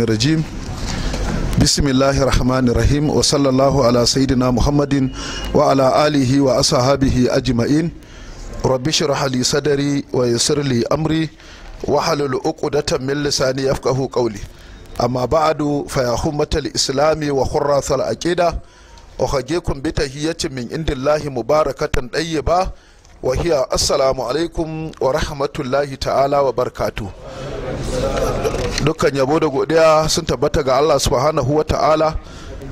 rajim bismillahir rahmanir rahim ala sayidina muhammadin wa'ala alihi wa ashabihi ajma'in rabbi shrah li sadri wa yassir li amri wa halul uqdatan min lisani yafqahu qawli amma ba'du fa ya humatal islami wa khurrasal aqida wa khajikum bi tahiyyatin min indillahi mubarakatan tayyiba wa hiya assalamu alaikum wa rahmatullahi ta'ala wa barakatuh dukkan yabo da godiya sun tabbata ga allah subhanahu wa ta'ala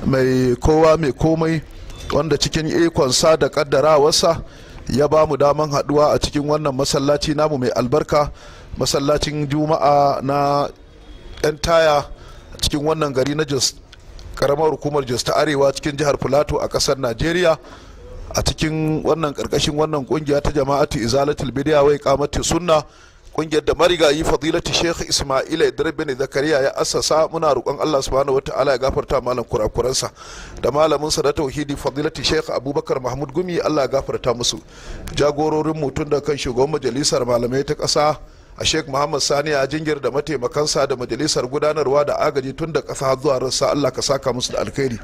mai kowa mai komai wanda cikin ikonsa da kaddarawarsa ya ba mu daman haduwa a cikin wannan masallaci namu mai albarka masallacin juma'a na 'yan taya cikin wannan gari na jos karamar hukumar jos ta arewa cikin jihar filato a kasar najeriya a cikin wannan karkashin wannan kungiya ta jama'atu izalatul bidiya wai kamati sunna kungiyar da marigayi fadilati sheikh ismaila idris bin zakariya ya assasa muna roƙon allah subhanahu wataala ya gafarta malam kurakuransa da malamin sa da tauhidi fadilati sheikh abubakar mahmud gumi allah ya gafarta musu jagororin mutum da kan shugaban majalisar malamai ta ƙasa a sheikh muhammad sani a jingir da mataimakansa da majalisar gudanarwa da agaji tun da ƙasa zuwa rassa allah ka saka musu da alkhairi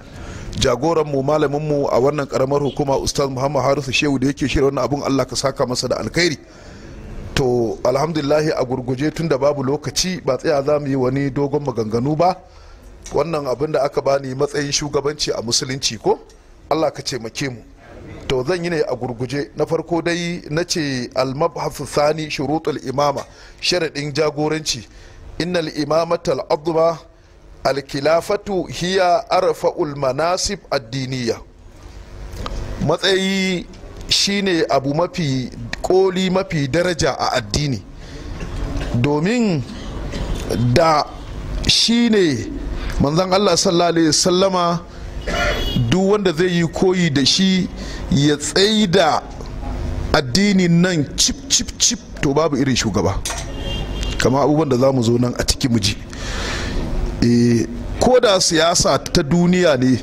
jagoran mu malamin mu a wannan karamar hukuma ustaz muhammad harisu shehu da yake shirya wannan abun allah ka saka masa da alkhairi to alhamdulillahi a gurguje tun da babu lokaci ba tsaya za mu yi wani dogon maganganu ba wannan abin da aka bani matsayin shugabanci a musulunci ko allah ka ce make mu to zan yi ne a gurguje na farko dai na ce almabhasu sani shurutul imama sharaɗin jagoranci innal imamata al'adduma alkilafatu hiya arfa'ul manasib addiniya matsayi shine abu mafi koli mafi daraja a addini domin da shine manzan allah sallallahu sallama duk wanda zai yi koyi da shi ya da addinin nan cip cip cip to babu irin shugaba kama abubuwan da za mu zo nan a cikin muji eh, ko da siyasa ta duniya ne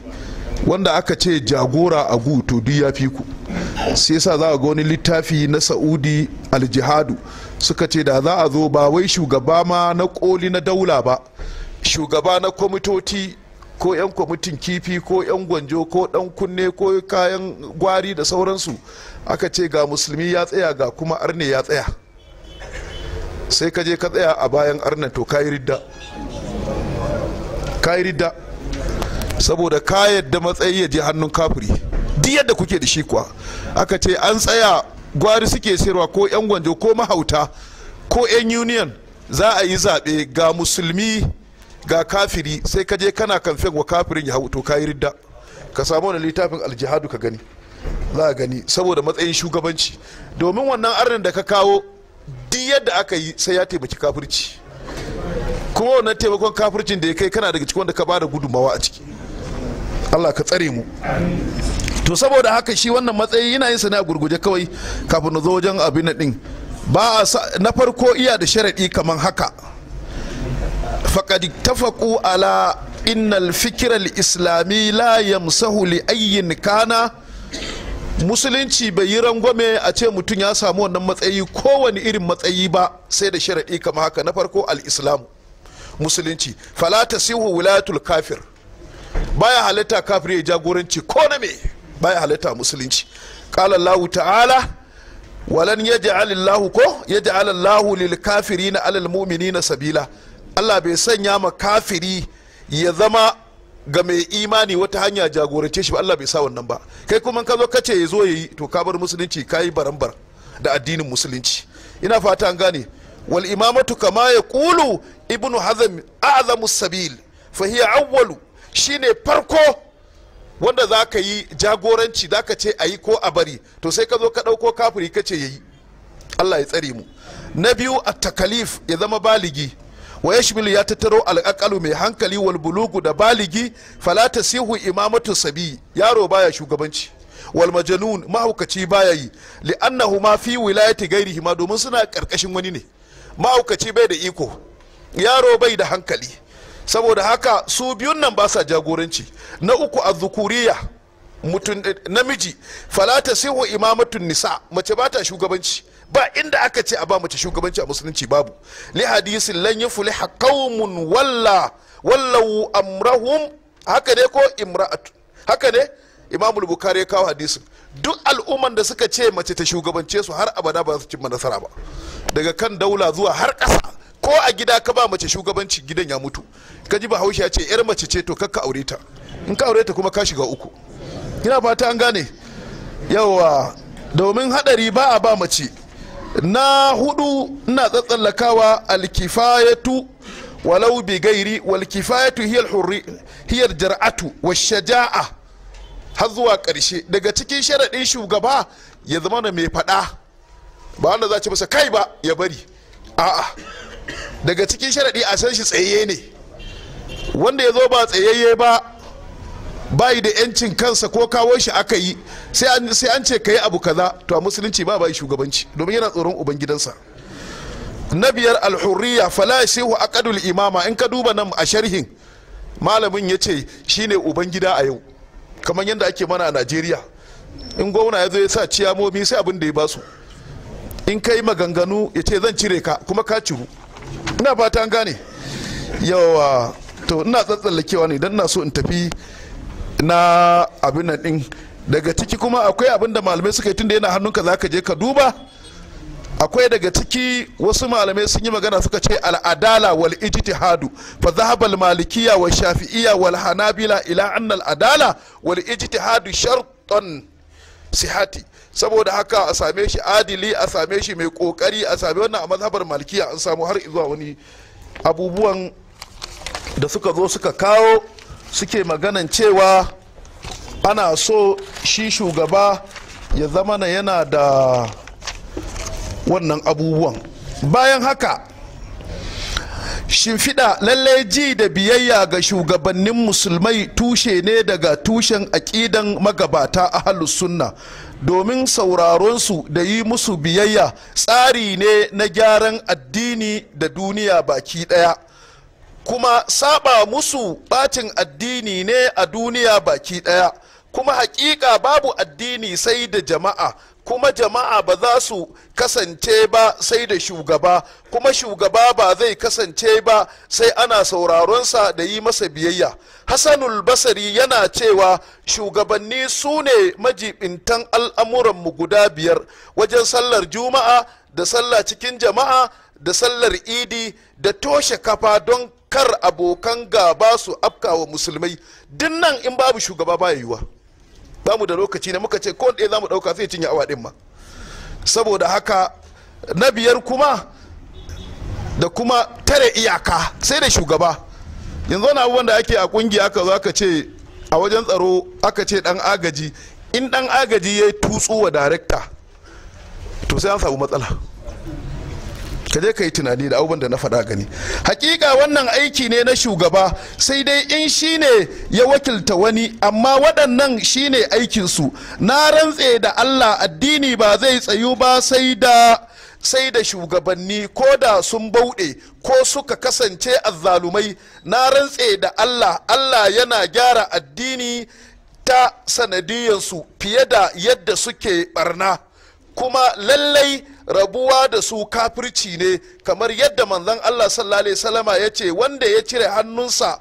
wanda aka ce jagora a gu to duk ya fi ku sai sa za a ga wani littafi na saudi aljihadu suka ce da za a zo ba wai shugaba ma na koli na daula ba shugaba na kwamitoci ko 'yan kwamitin kifi ko 'yan gwanjo ko dan kunne ko kayan gwari da sauransu aka ce ga musulmi ya tsaya ga kuma arne ya tsaya sai ka je ka tsaya a bayan arne to ka yi ridda saboda ka yadda matsayi ya je hannun kafiri duk yadda kuke da shi kuwa aka ce an tsaya gwari suke sayarwa ko yan gwanjo ko mahauta ko yan union za a yi zaɓe ga musulmi ga kafiri sai ka je kana kamfen wa kafirin ya hau to ka yi ridda ka samu wani littafin aljihadu ka gani za a gani saboda matsayin shugabanci domin wannan arnin da ka kawo duk yadda aka yi sai ya taimaki kafirci kuma wannan taimakon kafircin da ya kai kana daga cikin wanda ka bada gudunmawa a ciki Allah ka tsare mu to saboda haka shi wannan matsayi yana yin sana gurguje kawai kafin na zo wajen abin din ba na farko iya da sharaɗi kamar haka faqad tafaqu ala innal al islami la yamsahu li ayyin kana musulunci bai yi rangwame a ce mutum ya samu wannan matsayi kowane irin matsayi ba sai da sharaɗi kaman haka na farko al-islam musulunci fala sihu wilayatul kafir baya halitta kafiri ya jagoranci ko na me baya halitta musulunci qala Allah ta'ala walan yaj'al Allah ko yaj'al Allah lil na alal mu'minina sabila Allah bai sanya ma kafiri ya zama ga mai imani wata hanya jagorance shi ba Allah bai sa wannan ba kai kuma ka zo kace ya zo yayi to ka bar musulunci kayi barambar da addinin musulunci ina fata an gane wal imamatu kama ya kulu ibnu hazm a'zamu sabil fa hiya awwalu Shi ne farko wanda za ka yi jagoranci za ka ce a yi ko a bari to sai ka zo ka ɗauko kafiri ka ce ya yi allah ya tsare mu na biyu a takalif ya zama baligi wa ya tattaro alƙaƙalu mai hankali wal bulugu da baligi Falatasihu, sihu imamatu sabi yaro baya shugabanci wal majanun mahaukaci baya yi li'annahu ma fi wilayati gairihi ma domin suna ƙarƙashin wani ne mahaukaci bai da iko yaro bai da hankali saboda haka su biyun nan ba sa jagoranci na uku a zukuriya mutum namiji falata sihu imamatun nisa mace ba ta shugabanci ba inda aka ce a ba mace shugabanci a musulunci babu li hadisin lan yufliha qaumun walla wallau amrahum haka ne ko imra'atu haka ne imamu bukari ya kawo hadisin duk al'umman da suka ce mace ta shugabance su har abada ba su cimma nasara ba daga kan daula zuwa har ƙasa ko a gida ka ba mace shugabanci gidan ya mutu ka ji bahaushe ya ce yar mace ce to kakka aure ta in ka aure ta kuma ka shiga uku ina fata an gane yawa domin hadari ba a ba mace na hudu ina tsatsallakawa alkifayatu walau bi gairi walkifayatu hiyar hurri hiyar jar'atu wa shaja'a har zuwa karshe daga cikin sharaɗin shugaba ya zama mai faɗa ba wanda za ci masa kai ba ya bari a'a daga cikin sharaɗi a san shi tsayayye ne wanda ya zo ba tsayayye ba bayi da yancin kansa ko kawo shi aka yi sai an ce ka yi abu kaza to a musulunci ba bayi shugabanci domin yana tsoron ubangidansa na biyar alhurriya fala shehu kadul imama in ka duba nan a sharhin malamin ya ce shine ubangida a yau kamar yadda ake mana a najeriya in gwamna ya zo ya sa ciyamomi sai abin da ya basu in kai maganganu ya ce zan cire ka kuma ka ciru ina fata an gane yawa to ina tsatsallakewa ne don na so in tafi na abin nan din daga ciki kuma akwai abin da malamai suka yi tunda yana hannunka za ka je ka duba akwai daga ciki wasu malamai sun yi magana suka ce al'adala wal ijtihadu fa malikiya al wa shafi'iyya wal hanabila ila anna al adala wal ijtihadu shartun sihati saboda haka a same shi adili a same shi mai kokari a same wannan a mazhabar malkiya an samu har zuwa wani abubuwan da suka zo suka kawo suke maganan cewa ana so shi shugaba ya zama na yana da wannan abubuwan bayan haka shimfiɗa lallai ji da biyayya ga shugabannin musulmai tushe ne daga tushen aƙidan magabata a sunna domin sauraronsu da yi musu biyayya tsari ne na gyaran addini da duniya baki ɗaya kuma saba musu ɓacin addini ne a duniya baki ɗaya kuma hakika babu addini sai da jama'a kuma jama'a ba za su kasance ba sai da shugaba kuma shugaba ba zai kasance ba sai ana sauraronsa da yi masa biyayya hassanul basari yana cewa shugabanni su ne majibintan al'amuranmu guda biyar wajen sallar juma'a da sallah cikin jama'a da sallar idi da toshe kafa don kar abokan gaba su afkawa musulmai dinnan in babu shugaba ba yiwuwa ba mu da lokaci ne muka ce ko ɗaya za mu ɗauka sai cinye awa ɗin ma saboda haka na biyar kuma da kuma tare iyaka sai da shugaba yanzu wani abubuwan da ake a kungiya ka za ka ce a wajen tsaro aka ce ɗan agaji in ɗan agaji ya yi tutsu wa darekta to sai an samu matsala ka je ka yi tunani da abubuwan da na faɗa gani hakika wannan aiki ne na shugaba sai dai in shine ya wakilta wani amma waɗannan shine aikinsu na rantse da allah addini ba zai tsayu ba sai da sai da shugabanni ko da sun bauɗe ko suka kasance azzalumai na rantse da allah allah yana gyara addini ta sanadiyansu fiye da yadda suke barna kuma lallai rabuwa da su kafirci ne kamar yadda manzon Allah sallallahu alaihi wasallama ya ce wanda ya cire hannunsa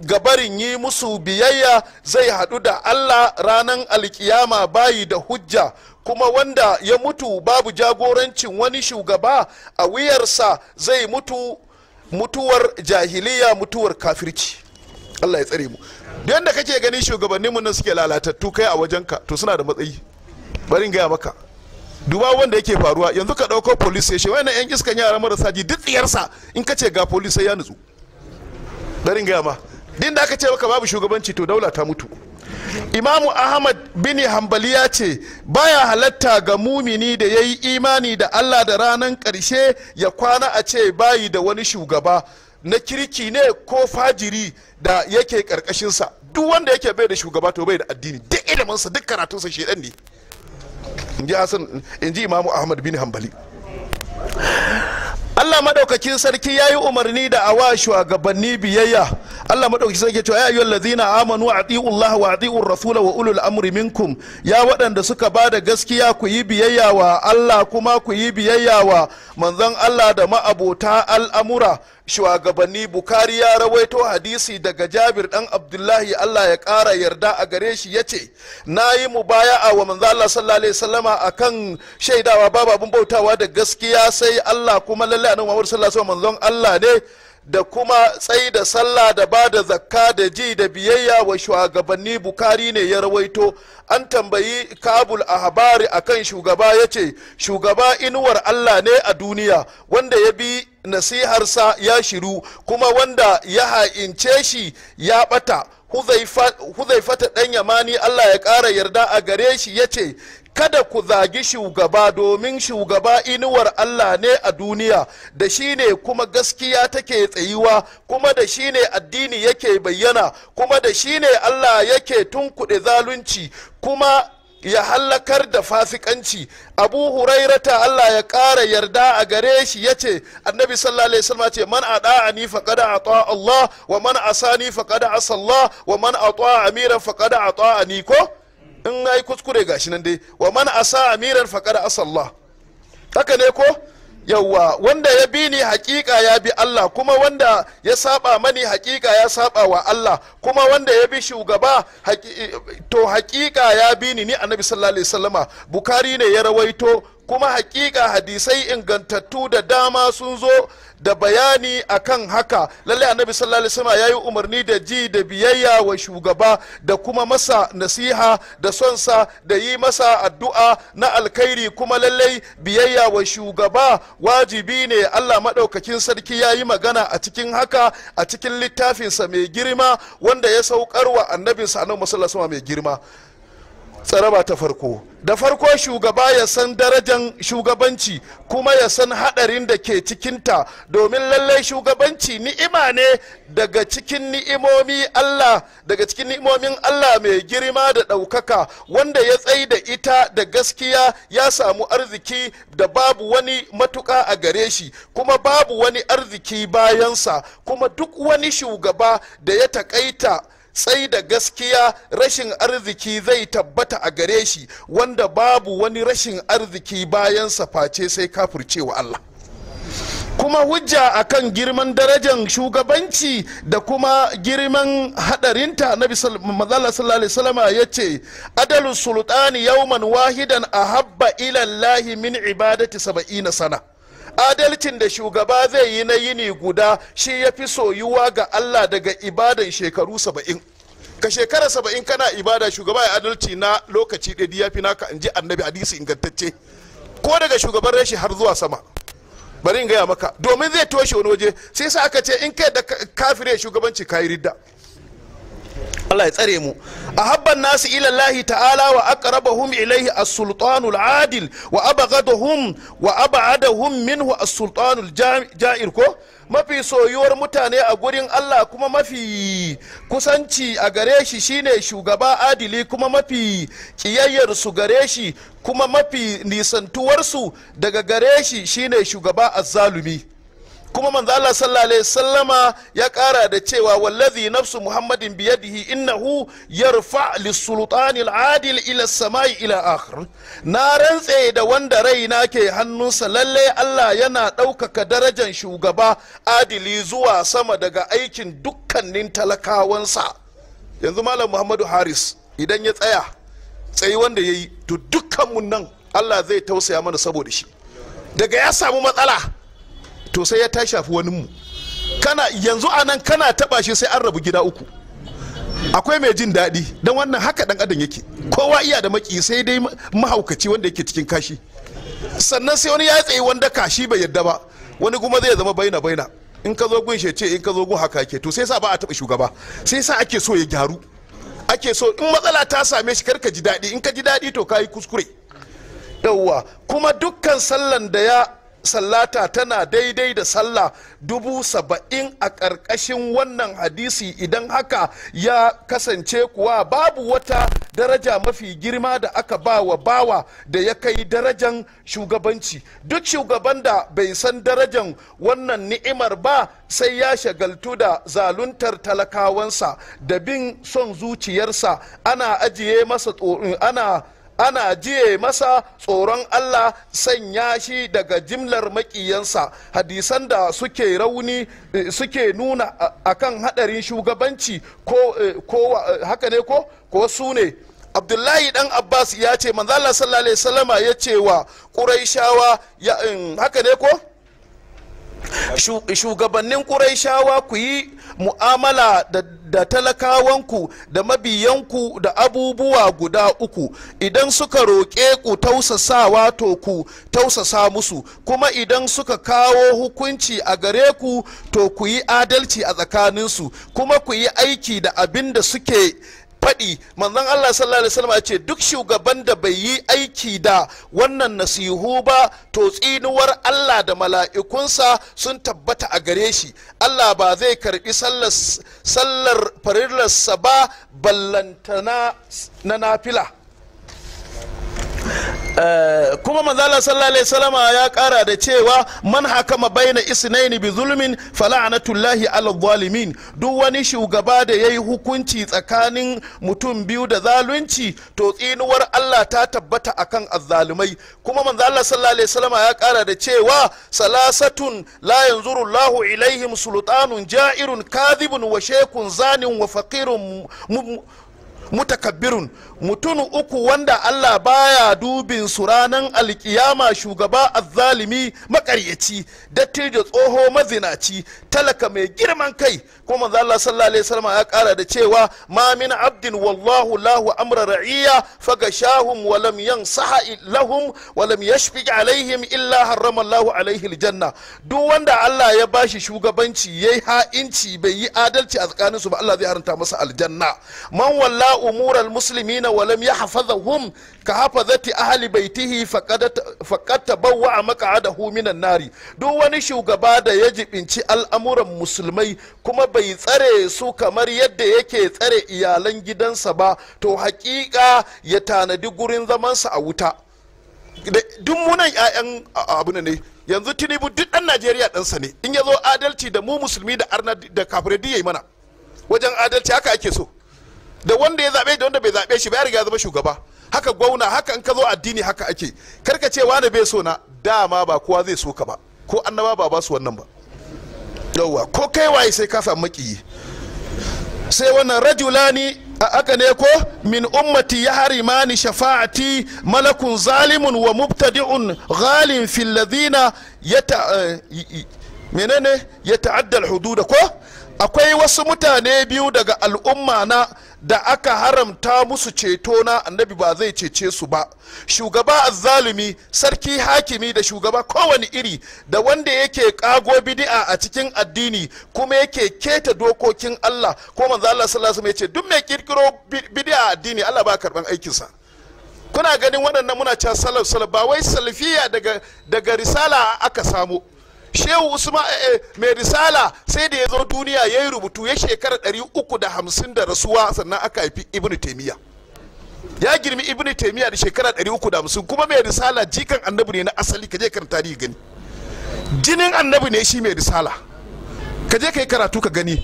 gabarin yi musu biyayya zai haɗu da Allah ranan alkiyama bayi da hujja kuma wanda ya mutu babu jagorancin wani shugaba a wuyarsa zai mutu mutuwar jahiliya mutuwar kafirci Allah ya tsare mu da kake gani shugabanninmu nan suke lalatattu kai a wajenka to suna da matsayi barin gaya maka duba wanda yake faruwa yanzu ka ɗauko police station na yan iskan yara marasa ji duk tsiyarsa in ka ce ga police ya nutsu barin gaya ma din da aka ce baka babu shugabanci to daula ta mutu imamu ahmad bin hanbali ya ce baya halatta ga mumini da ya yi imani da allah da ranar ƙarshe ya kwana a ce bayi da wani shugaba na kirki ne ko fajiri da yake ƙarƙashinsa duk wanda yake bai da shugaba to bai da addini duk iliminsa duk karatunsa shedan ne in ji imamu ahmad bin hanbali Allah madaukakin sarki ya yi umarni da awa shugabanni biyayya Allah madaukakin sarki cewa ya ayyuhal Ladina amanu atiiu Allah wa atiiu rasula wa ulul amri minkum ya waɗanda suka ba da gaskiya ku yi biyayya wa Allah kuma ku yi biyayya wa manzon Allah da ma'abota al'amura shugabanni bukari ya rawaito hadisi daga jabir dan abdullahi allah ya kara yarda a gare shi ya ce na yi mu baya a wa manzo allah sallallahu alaihi wasallama akan shaidawa babu abin bautawa da gaskiya sai allah kuma lalle annabi muhammad sallallahu alaihi manzon allah ne da kuma tsayi da sallah da ba da zakka da ji da biyayya wa shugabanni bukari ne ya rawaito an tambayi kabul a habari akan shugaba ya ce shugaba inuwar allah ne a duniya wanda ya bi nasiharsa ya shiru kuma wanda ya ha'ince shi ya bata huzaifata dan yamani allah ya ƙara yarda a gare shi ya ce kada ku zagi shugaba domin shugaba inuwar Allah ne a duniya da shi ne kuma gaskiya take tsayiwa kuma da shi ne addini yake bayyana kuma da shi ne Allah yake tunkuɗe zalunci kuma ya hallakar da fasikanci abu hurairata allah ya ƙara yarda a gare shi ya ce annabi sallallahu alaihi wasallam ce man a da'a ni fa faqad ata allah wa man fa faqad asa sallah, wa man ata amiran fa faqad ata ni ko in ai kuskure gashi nan dai wa man sa amiran fa faqad asa allah haka ne ko yawwa wanda ya bi ni hakika ya bi Allah kuma wanda ya saba mani hakika ya saba wa Allah kuma wanda ya bi shugaba to hakika ya bi ni ni annabi sallallahu alaihi wasallama bukari ne ya rawaito kuma hakika hadisai ingantattu da dama sun zo da bayani akan haka lallai annabi sallallahu alaihi wasallam yayi umarni da ji da biyayya wa shugaba da kuma masa nasiha da son sa da yi masa addu'a na alkhairi kuma lallai biyayya wa shugaba wajibi ne Allah madaukakin sarki yayi magana a cikin haka a cikin littafinsa mai girma wanda ya saukar wa annabinsa annabi sallallahu alaihi wasallam mai girma tsaraba ta farko da farko shugaba ya san darajan shugabanci kuma ya san hadarin da ke cikinta domin lallai shugabanci ni'ima ne daga cikin ni'imomi Allah daga cikin ni'imomin Allah mai girma da ɗaukaka wanda ya tsai da ita da gaskiya ya samu arziki da babu wani matuka a gare shi kuma babu wani arziki bayansa kuma duk wani shugaba da ya taƙaita sai da gaskiya rashin arziki zai tabbata a gare shi wanda babu wani rashin arziki bayan face sai kafircewa Allah kuma hujja akan girman darajar shugabanci da kuma girman hadarinta na bisal sallallahu ya ce adalu sultani yauman wahidan ahabba ilallahi min ibadati saba'ina sana' adalcin da shugaba zai yi na yini guda shi ya fi soyuwa ga allah daga ibadan shekaru saba'in ka shekara saba'in kana ibada shugaba ya adalci na lokaci ɗaya ya fi naka in ji annabi hadisi ingantacce ko daga shugaban rashi har zuwa sama bari in gaya maka domin zai toshe wani waje sai sa aka ce in kai da kafire shugabanci kayi ridda Allah ya tsare mu habban nasu ilallahi ta'ala wa hum ilaihi as-sultanul adil wa abghadahum wa ab'adahum minhu as-sultanul ja'ir ko mafi soyuwar mutane a gurin Allah kuma mafi kusanci a gare shi shine shugaba adili kuma mafi kiyayyar su gare shi kuma mafi nisantuwarsu daga gare shi shine shugaba azzalumi kuma manzo Allah sallallahu alaihi sallama ya kara da cewa wallazi nafsu muhammadin biyadihi innahu yarfa lisultani al-adil ila samai ila akhir na rantse da wanda raina ke hannunsa lalle Allah yana ɗaukaka darajan shugaba adili zuwa sama daga aikin dukkanin talakawansa yanzu malam muhammadu haris idan ya tsaya tsayi wanda yayi yi to nan Allah zai tausaya mana saboda shi daga ya samu matsala to sai ya ta shafi wani mu kana yanzu anan kana taba shi sai an rabu gida uku akwai mai jin daɗi don wannan haka dan adam yake kowa iya da maki sai dai mahaukaci wanda yake cikin kashi sannan sai wani ya tsaye wanda kashi bai yadda ba wani kuma zai zama baina baina in ka zo gunshe ce in ka zo gun haka ke to sai sa ba a taɓa shugaba sai sa ake so ya gyaru ake so in matsala ta same shi karka ji daɗi in ka ji daɗi to ka kuskure yauwa kuma dukkan sallan da ya sallata tana daidai da sallah dubu saba'in a ƙarƙashin wannan hadisi idan haka ya kasance kuwa babu wata daraja mafi girma da aka ba wa bawa da ya kai darajan shugabanci duk shugaban da bai san darajan wannan ni'imar ba sai ya shagaltu da zaluntar talakawansa da bin son zuciyarsa ana ajiye masa ana ana jiye masa tsoron Allah sanya shi daga jimlar makiyansa hadisan da suke rauni eh, suke nuna akan hadarin shugabanci ko, eh, ko eh, haka ne ko ko su ne abdullahi dan abbas ya ce manzala sallallahu alaihi wasallama ya ce wa ya haka ne ko shugabannin quraishawa ku yi mu'amala da da talakawanku da mabiyanku da abubuwa guda uku idan suka roƙe ku tausasa wato ku tausasa musu kuma idan suka kawo hukunci a gare ku to ku yi adalci a tsakaninsu kuma ku yi aiki da abin da suke faɗi manzon Allah sallallahu alaihi wasallam ce duk shugaban da bai yi aiki da wannan nasihu ba to tsinuwar Allah da mala'ikunsa sun tabbata a gare shi Allah ba zai karbi sallar farinlarsa farillarsa ba ballantana na nafila Eh, kuma manzala sallallahu alaihi ya kara da cewa man hakama baina isnaini bi zulmin fala'natullahi ala zalimin duk wani shugaba da yayi hukunci tsakanin mutum biyu da zalunci to tsinuwar Allah ta tabbata akan azzalumai kuma manzala sallallahu alaihi ya kara da cewa salasatun la yanzuru Allahu ilaihim sultanun ja'irun kadhibun wa shaykun zanin wa faqirun mutakabbirun mutum uku wanda Allah baya dubin su ranar alkiyama shugaba azzalimi makaryaci dattijo tsoho mazinaci talaka mai girman kai kuma manzo Allah sallallahu alaihi wasallam ya kara da cewa ma min abdin wallahu lahu amra ra'iya fagashahum wa lam yansaha lahum wa lam yashfi alaihim illa harrama Allahu alaihi aljanna duk wanda Allah ya bashi shugabanci yayi ha'inci bai yi adalci a tsakaninsu ba Allah zai haranta masa aljanna man walla umural na. walam hum ka hafazati ahli baitihi a tabawwa da huminan nari duk wani shugaba da ya jibinci al'amuran musulmai kuma bai tsare su kamar yadda yake tsare iyalan gidansa ba to haƙiƙa ya tanadi gurin zamansa a wuta duk munan 'ya'yan abu ne yanzu tinubu duk dan najeriya ɗansa ne in ya zo adalci da mu musulmi da arna da kafirai duk mana wajen adalci haka ake so da wanda ya zaɓe da wanda bai zaɓe shi ba ya riga ya zama shugaba haka gwauna haka in ka zo addini haka ake karka ce wani bai so na dama ba kowa zai so ka ba ko annaba ba ba su wannan ba yawwa ko kai waye sai ka samu makiyi sai wannan rajulani aka ne ko min ummati ya harimani shafa'ati malakun zalimun wa mubtadi'un ghalin fil ladina ya eh, ta'addal hududa ko akwai wasu mutane biyu daga al'umma na da aka haramta musu ceto na annabi ba zai cece su ba shugaba azzalumi sarki hakimi da shugaba kowane iri da wanda yake kago bidi'a a cikin addini kuma yake keta dokokin Allah ko manzo Allah sallallahu alaihi wasallam duk mai kirkiro bidi'a addini Allah ba karban aikinsa kuna ganin waɗannan muna cewa salaf salaf ba wai salafiya daga daga risala aka samu shehu usman eh, eh, mai risala sai da ya zo duniya ya yi rubutu ya shekara ɗari uku da hamsin da rasuwa sannan aka haifi ibnu taimiyya ya girmi ibnu taimiyya da shekara ɗari uku da hamsin kuma mai risala jikan annabi ne na asali ka je kan tarihi gani jinin annabi ne shi mai risala ka je ka yi karatu ka gani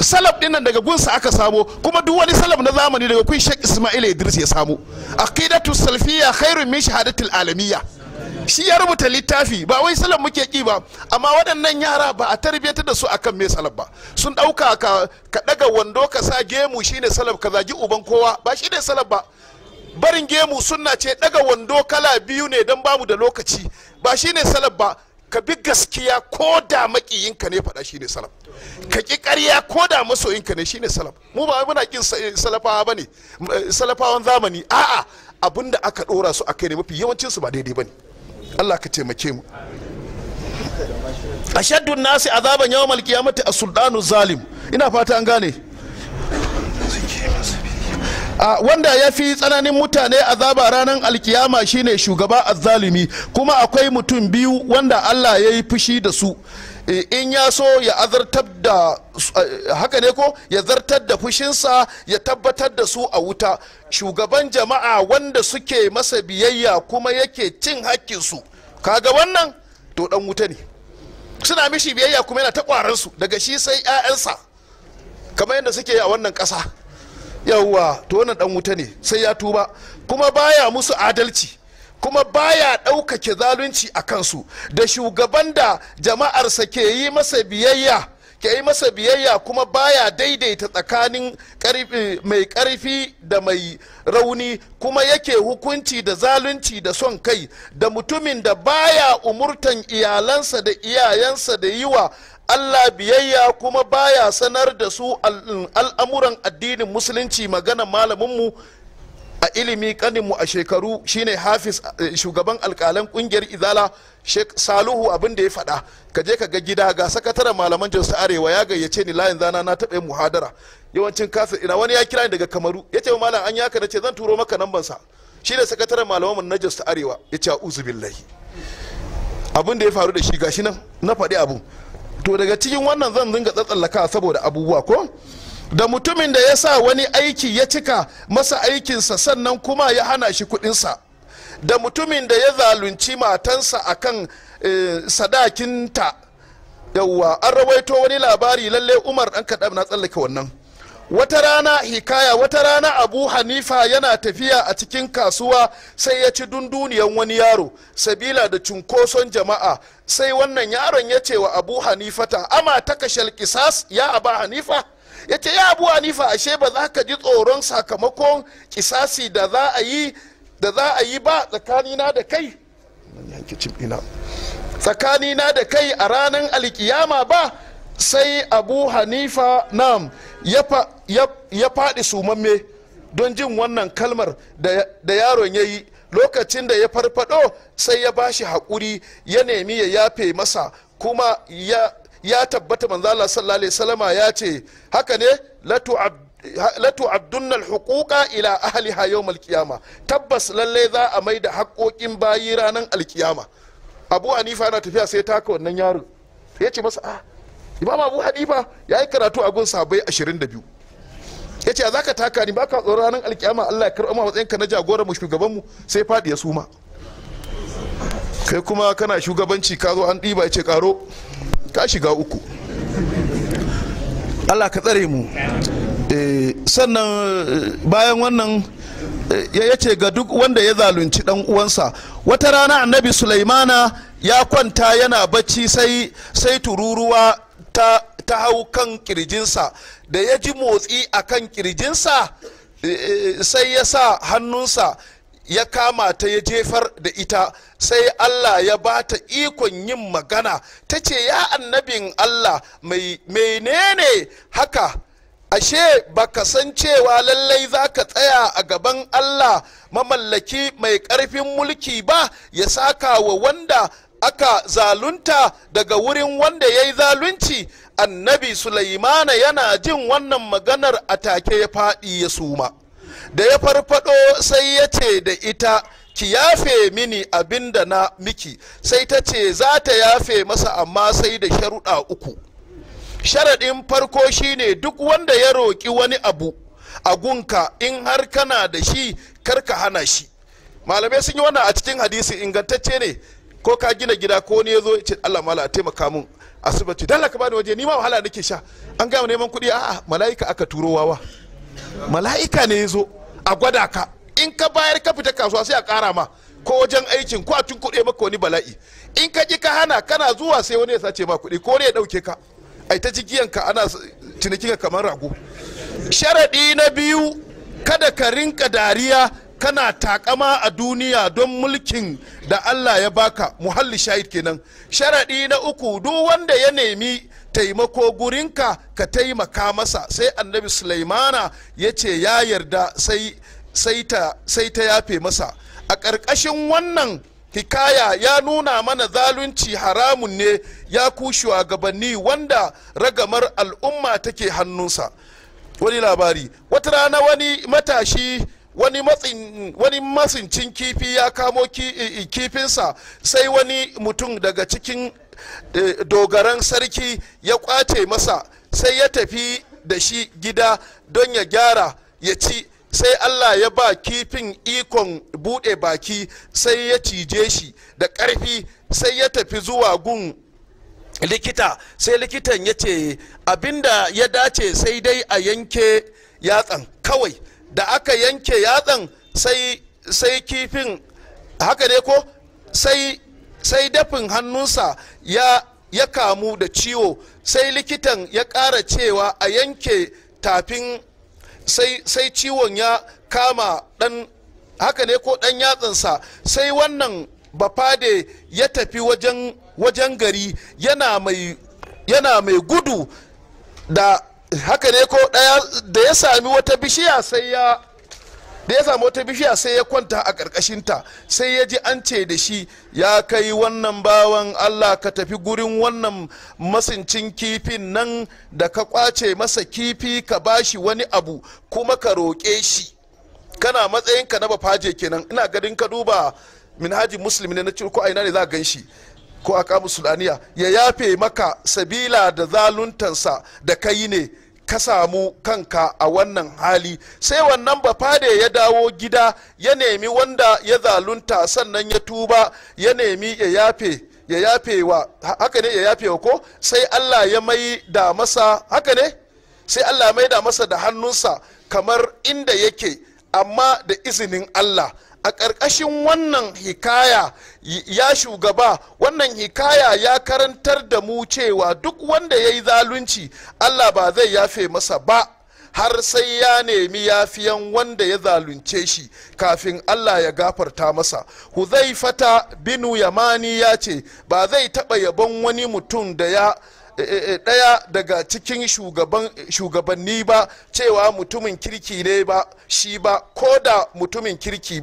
salaf din nan daga gunsa aka samo kuma duk wani salaf na zamani daga kun shek ismail idris ya samo aqidatu salfiyya khairun min shahadatil alamiyya shi ya rubuta littafi ba wai salaf muke ki ba amma waɗannan yara ba a tarbiyyar da su akan me salam ba sun ɗauka ka ɗaga wando ka sa gemu shine salam ka zagi uban kowa ba shi ne salam ba barin gemu sunna ce ɗaga wando kala biyu ne don babu da lokaci ba shi ne salam ba ka bi gaskiya ko da makiyinka ne faɗa shine salam ka ƙi ƙarya ko da masoyinka ne shine salam mu ba muna ƙin eh, salafawa ba ne eh, salafawan zamani a'a abinda aka ɗora su a kai ne mafi yawancinsu ba daidai ba ne. Allah ka taimake mu shaddun nasi azaban yawmal qiyamati as-sultanu zalim ina fata an gane A wanda ya fi tsananin mutane azaba ranar alkiyama shine shugaba azzalimi kuma akwai mutum biyu wanda Allah ya yi fushi da su e, in ya so ya azartar da e, haka ne ko ya zartar da fushinsa ya tabbatar da su a wuta shugaban jama'a wanda suke masa biyayya kuma yake cin hakkinsu kaga wannan to dan wuta ne suna mishi biyayya kuma yana ta kwaransu daga shi sai 'ya'yansa kamar yadda suke yi a wannan ƙasa yawwa to wannan dan wuta ne sai ya tuba kuma baya musu adalci kuma baya ɗaukake zalunci a kansu da shugaban da jama'arsa ke yi masa biyayya ke yi masa biyayya kuma baya daidaita tsakanin mai ƙarfi da mai rauni kuma yake hukunci da zalunci da son kai da mutumin da baya umurtan iyalansa da iyayensa da yi Allah biyayya kuma baya sanar da su al'amuran addinin musulunci magana malaminmu a ilimi kaninmu a shekaru shine hafiz eh, shugaban alkalan kungiyar izala sheik saluhu abin da ya faɗa ka je ka ga gida ga sakataren malaman jos arewa ya gayyace ni layin zana na taɓa muhadara yawancin kasa ina wani ya kira ni daga kamaru ya ce malam an yaka nace zan turo maka namban sa shi da sakataren malaman na jos arewa ya ce uzu billahi abin da ya faru da shi gashi nan na faɗi abu to daga cikin wannan zan dinga tsatsallaka saboda abubuwa ko da mutumin da ya sa wani aiki ya cika masa aikinsa sannan kuma ya hana shi kudinsa da mutumin da ya zalunci matansa akan e, sadakinta yauwa an rawaito wani labari lalle umar ɗan kaɗa na tsallake wannan wata rana hikaya wata rana abu hanifa yana tafiya a cikin kasuwa sai ya ci dunduniyan wani yaro sabila da cunkoson jama'a sai wannan yaron ya ce wa abu hanifata ama ta kashal kisas ya abu hanifa ya ce ya abu hanifa ashe ba za ka ji tsoron sakamakon kisasi da za a yi da za a yi ba tsakanina da kai tsakanina da kai a ranar alkiyama ba sai abu hanifa nam ya faɗi sumamme don jin wannan kalmar da yaron ya yi lokacin da ya farfado sai ya bashi haƙuri ya nemi ya yafe masa kuma ya, tabbata manzala sallallahu alaihi ya ce haka ne latu abdunnal hukuka ila ahliha yawmal qiyama tabbas lalle za a mai da haƙoƙin bayi ranar alkiyama abu hanifa na tafiya sai taka wannan yaro ya ce masa ah imam abu hanifa ya yi karatu a gun da 22 ya ce za ka taka ni ka tsoron ranar alkiyama allah ya karɓa ma matsayinka na jagoran mu shugaban mu sai faɗi ya suma kai kuma kana shugabanci ka zo an ɗiba ya ce karo ka shiga uku allah ka tsare mu eh, sannan eh, bayan wannan eh, ya ce ga duk wanda ya zalunci dan uwansa wata rana annabi sulaimana ya kwanta yana bacci sai tururuwa ta, ta hau kan kirjinsa da ya ji motsi a kan kirjinsa eh, eh, sai ya sa hannunsa ya kama ta ya jefar da ita sai Allah ya ba ta ikon yin magana ta ce ya annabin Allah mai menene haka ashe baka san cewa lallai za ka tsaya a gaban Allah mamallaki mai ƙarfin mulki ba ya saka wa wanda aka zalunta daga wurin wanda ya yi zalunci annabi sulaimana yana jin wannan maganar a take ya faɗi ya suma da ya farfaɗo sai ya ce da ita ki yafe mini abin da na miki sai ta ce za ta yafe masa amma sai da sharuɗa uku sharaɗin farko shine duk wanda ya roƙi wani abu a gunka in har kana da shi karka hana shi malamai sun yi wannan a cikin hadisi ingantacce ne ko ka gina gida ko wani ya zo ya ce Allah mala a taimaka mun asibiti dan ka bani waje ni ma wahala nake sha an gama neman kuɗi a'a mala'ika aka turo wawa mala'ika ne ya zo a gwada ka in ka bayar ka fita kasuwa sai a ƙara ma ko wajen aikin ko a tun kuɗe maka wani bala'i in ka ji ka hana kana zuwa sai wani ya sace ma kuɗi ko ne ya ɗauke ka ai ta ka ana cinikin kamar rago sharaɗi na biyu kada ka rinka dariya kana takama a duniya don mulkin da Allah ya baka muhalli shahid kenan sharaɗi na uku duk wanda ya nemi taimako gurinka ka taimaka masa sai annabi sulaimana ya ce ya yarda sai ta yafe masa a ƙarƙashin wannan hikaya ya nuna mana zalunci haramun ne ya ku gabanni wanda ragamar al'umma take hannunsa wani labari wata rana wani matashi wani masincin kifi ya kamo kifinsa sai wani mutum daga cikin e, dogaran sarki ya kwace masa sai ya tafi da shi gida don ya gyara ya ci sai Allah ya ba kifin ikon bude baki sai ya cije shi da karfi sai ya tafi zuwa gun likita sai likitan ya ce abinda ya dace sai dai a yanke yatsan kawai da aka yanke yatsan sai sai kifin haka ne ko sai sai dafin hannunsa ya ya kamu da ciwo sai likitan ya ƙara cewa a yanke tafin sai, sai ciwon ya kama dan haka ne ko ɗan yatsansa sai wannan bafade ya tafi wajen, wajen gari yana mai, yana mai gudu da haka ne ko ɗaya da ya sami wata bishiya sai ya da ya sami wata bishiya sai ya kwanta a ƙarƙashinta sai ya ji an ce da shi ya kai wannan bawan allah ka tafi gurin wannan masincin kifin nan da ka kwace masa kifi ka ba shi wani abu kuma ka roƙe shi kana matsayin ka na bafaje kenan ina ganin ka duba minhaji muslim ne na ko aina ne za gan shi ko a kamus sulaniya ya yafe maka sabila da zaluntansa da kai ne ka samu kanka a wannan hali sai wannan bafade ya dawo gida ya nemi wanda ya zalunta sannan ya tuba ya nemi ya yafe ya yafe wa haka ne ya yafe wa ko sai Allah ya mai da masa haka ne sai Allah ya mai da masa da hannunsa kamar inda yake amma da izinin Allah a ƙarƙashin wannan hikaya ya shugaba wannan hikaya ya karantar da mu cewa duk wanda ya yi zalunci allah ba zai yafe masa ba har sai ya nemi yafiyan wanda ya zalunce shi kafin Allah ya gafarta masa huzaifata binu yamani ya ce ba zai taɓa yabon wani mutum da ya e, e, e, ɗaya daga cikin shugabanni ba cewa mutumin kirki ne ba shi ba ko da mutumin kirki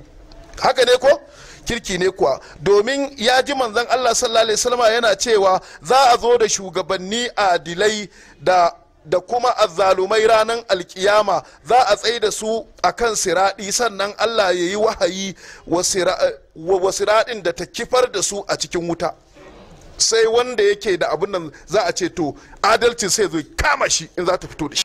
haka ne ko kirki ne kuwa domin ya ji manzan Allah sallallahu alaihi wasallam yana cewa za a zo da shugabanni adilai da da kuma azzalumai ranar alkiyama za a tsai da su a kan siraɗi sannan allah ya yi wahayi wa siraɗin da ta kifar da su a cikin wuta sai wanda yake da abin nan za a ce to adalci sai zo kama shi in za ta fito da shi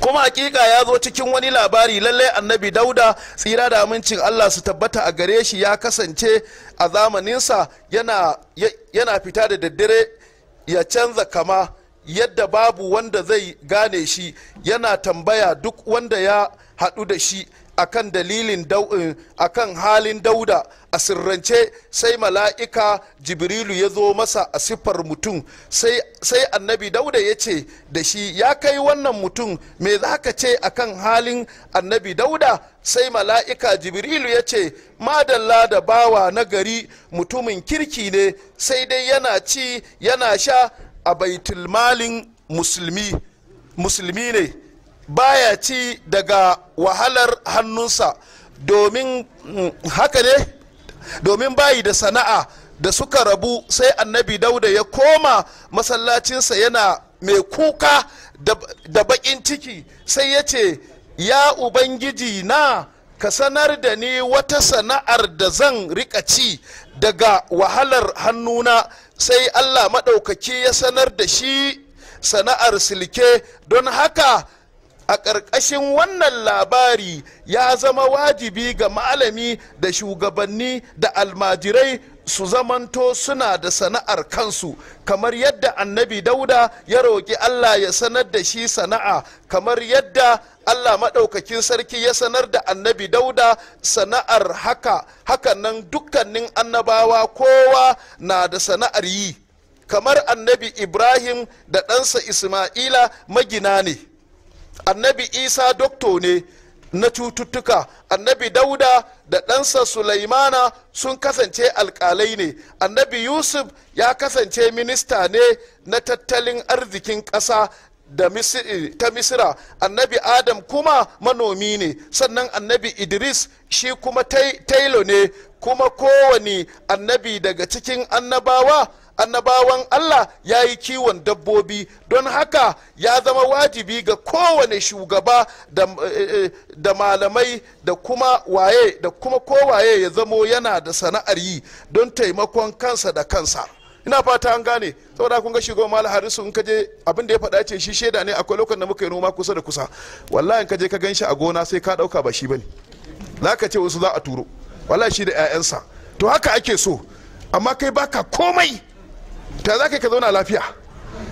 kuma hakika ya zo cikin wani labari lalle annabi dauda tsira da amincin allah su tabbata a gare shi ya kasance a zamaninsa yana, yana fita da daddare ya canza kama yadda babu wanda zai gane shi yana tambaya duk wanda ya haɗu da shi akan dalilin eh, akan halin dauda a sirrance sai mala'ika jibrilu ya zo masa a siffar mutum sai annabi dauda ya ce da shi ya kai wannan mutum me za ka ce akan halin annabi dauda sai mala'ika jibrilu ya ce madalla da bawa na gari mutumin kirki ne sai dai yana ci yana sha a baitulmalin musulmi ne baya ci daga wahalar hannunsa domin mm, haka ne domin bayi da sana'a da suka rabu sai annabi dauda ya koma masallacinsa yana mai kuka da bakin ciki sai ya ce ya ubangiji na ka sanar da ni wata sana'ar da zan rika ci daga wahalar hannuna sai allah maɗaukaki ya sanar da shi sana'ar silke don haka a ƙarƙashin wannan labari ya zama wajibi ga malami da shugabanni da almajirai su zamanto suna da sana'ar kansu kamar yadda annabi dauda ya roƙi allah ya sanar da shi sana'a kamar yadda allah maɗaukakin sarki ya sanar da annabi dauda sana'ar haka hakanan dukkanin annabawa kowa na da sana'ar yi kamar annabi ibrahim da ɗansa isma'ila magina ne annabi isa dokto ne na cututtuka annabi dauda da ɗansa sulaimana sun kasance alƙalai ne annabi yusuf ya kasance minista ne na tattalin arzikin ƙasa da ta misira annabi adam kuma manomi ne sannan annabi idris shi kuma tailo ne kuma kowane annabi daga cikin annabawa annabawan Allah ya yi kiwon dabbobi don haka ya zama wajibi ga kowane shugaba eh, eh, da malamai da kuma waye da kuma kowaye ya zamo yana da sana'ar yi don taimakon kansa da kansa ina fata an gane saboda kun ga shugaban malam harisu in kaje abin da ya faɗa ce shi sheda ne akwai lokacin da muka yi noma kusa da kusa wallahi in kaje ka ganshi a gona sai ka ɗauka ba shi bane za ka ce wasu za a turo wallahi shi da ƴaƴansa to haka ake so amma kai baka komai ta za ka zauna lafiya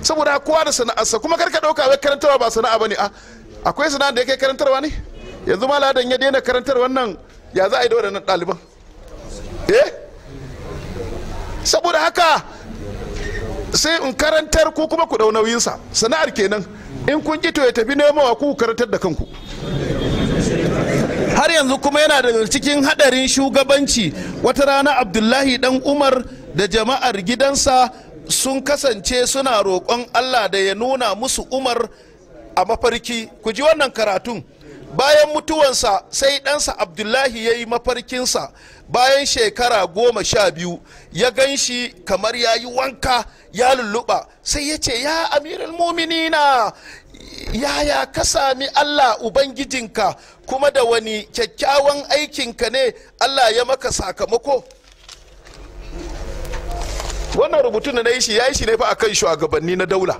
saboda kowa da sana'arsa kuma karka ɗauka wai karantarwa ba sana'a ba ne a akwai sana'ar da ya kai karantarwa ne yanzu ma ladan ya daina karantar wannan ya za a yi da waɗannan ɗaliban eh saboda haka sai in karantar ko kuma ku ɗau nauyinsa sana'ar kenan in kun ji to ya tafi nemawa ku karantar da kanku har yanzu kuma yana daga cikin hadarin shugabanci wata rana abdullahi dan umar da jama'ar gidansa sun kasance suna roƙon allah da ya nuna musu umar a mafarki ku ji wannan karatun bayan mutuwansa sai ɗansa abdullahi ya yi mafarkinsa bayan shekara goma sha biyu ya gan shi kamar ya yi wanka ya lulluɓa sai ya ce ya amiral muminina yaya ka sami allah ubangijinka kuma da wani kyakkyawan aikinka ne allah ya maka sakamako wannan rubutun da na yi shi ya yi shi ne fa akan shugabanni na daula